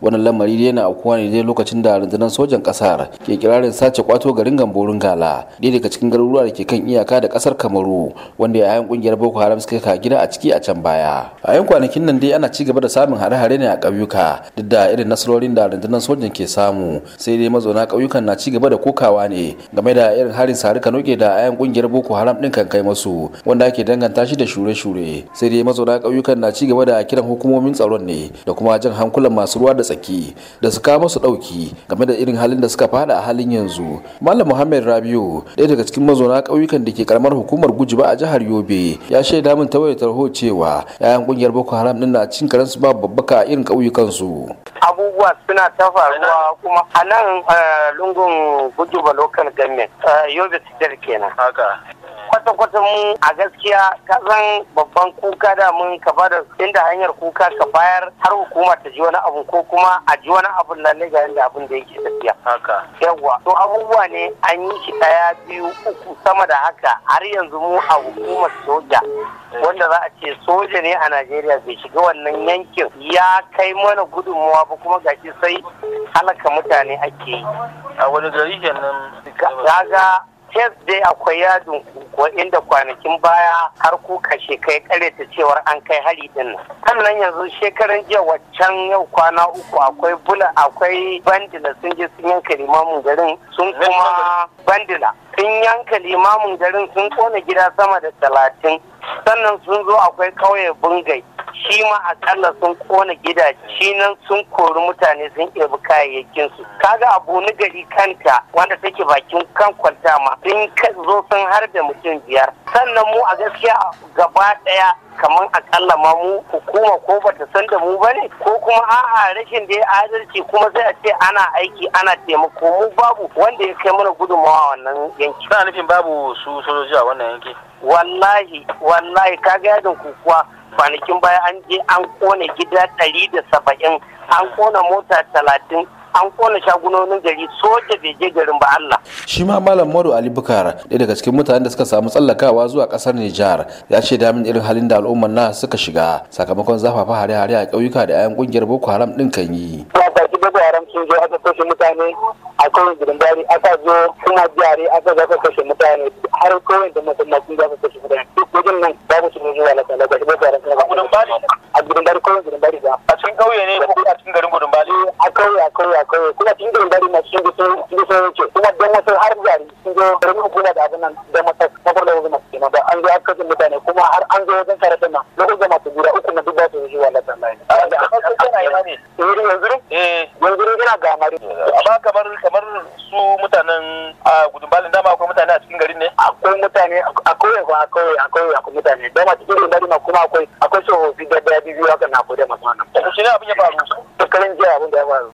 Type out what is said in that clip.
wannan lamari dai na aukuwa ne dai lokacin da rundunar sojan kasar ke kirarin sace kwato garin gamborin gala ɗaya daga cikin garuruwa da ke kan iyaka da kasar kamaru wanda yayan kungiyar boko haram suka ka gida a ciki a can baya a yan kwanakin nan dai ana ci gaba da samun hare-hare ne a ƙauyuka duk da irin nasarorin da rundunar sojan ke samu sai dai mazauna ƙauyukan na ci gaba da kokawa ne game da irin harin sari kanoke da 'yan kungiyar boko haram din kan kai masu wanda ake danganta shi da shure-shure sai dai mazauna ƙauyukan na ci gaba da kiran hukumomin tsaron ne da kuma jan hankulan masu ruwa da tsaki da su kawo masu dauki game da irin halin da suka fada a halin yanzu malam muhammad rabiu ɗaya daga cikin mazauna ƙauyukan da ke karamar hukumar gujiba a jihar yobe ya shaida min ta wayar tarho cewa yayan kungiyar boko haram din na cin karansu ba babbaka a irin ƙauyukan su abubuwa suna ta faruwa kuma a nan eh, lungun ba local government eh, yobe kenan A sokoto mu a gaskiya ka zan babban kuka da mun ka bada inda hanyar kuka ka bayar har hukuma ta ji wani abu ko kuma a ji wani abu ne ga yadda abin da yake tafiya haka Yawwa. to abubuwa ne an yi shi ɗaya biyu uku sama da haka har yanzu mu a hukumar soja wanda za a ce soja ne a Najeriya bai shiga wannan yankin ya kai mana gudunmuwa ba kuma gashi sai halaka mutane ake yi a wani gari kenan kaga kes dai akwai yadin inda kwanakin baya har kuka shekai ta cewar an kai hari din nan sannan yanzu shekaran jiya waccan yau kwana uku akwai bula akwai bandila sun je sun yanka limamin garin sun kuma bandila sun yanka limamin garin sun kona gida sama da talatin sannan sun zo akwai kauye bungai shi ma akalla sun kona gidaje nan sun kori mutane sun ɗebi kayayyakin su kaga abu na gari kanta wanda take bakin kan kwanta ma sun zo sun harbe mutum biyar sannan mu a gaskiya gaba ɗaya kamar akalla ma mu hukuma ko bata san da mu bane ko kuma a'a rashin da ya adalci kuma sai a ce ana aiki ana taimako mu babu wanda ya kai mana gudunmawa wannan yanki. Kana nufin babu su sojoji a wannan yanki. wallahi wallahi ka ga yadin kukuwa kwanakin baya an je an kone gida ɗari da saba'in an kona mota talatin an kona shagunonin gari soja bai je garin ba Allah. Shi ma Malam Maru Ali Bukar ɗaya daga cikin mutanen da suka samu tsallakawa zuwa ƙasar Nijar ya ce damin irin halin da al'ummar na suka shiga sakamakon zafafa hare-hare a ƙauyuka da 'ya'yan ƙungiyar Boko Haram ɗin kan yi. boko sun zo aka kashe mutane a kawai gidan aka zo suna jare aka kashe mutane har da kashe mutane duk a a cikin kauye a cikin garin gudun a kauye a kauye nan an zo aka kashe nan ne yanzu yanzu eh. yana ga mari amma kamar kamar su mutanen a gudunbalin dama akwai mutane a cikin garin ne akwai mutane akwai ba akwai akwai akwai mutane dama cikin gudunbalin ma kuma akwai akwai tsohofi da daya biyu haka na kodai masu wannan shi ne abin ya faru shekarun jiya abin ya faru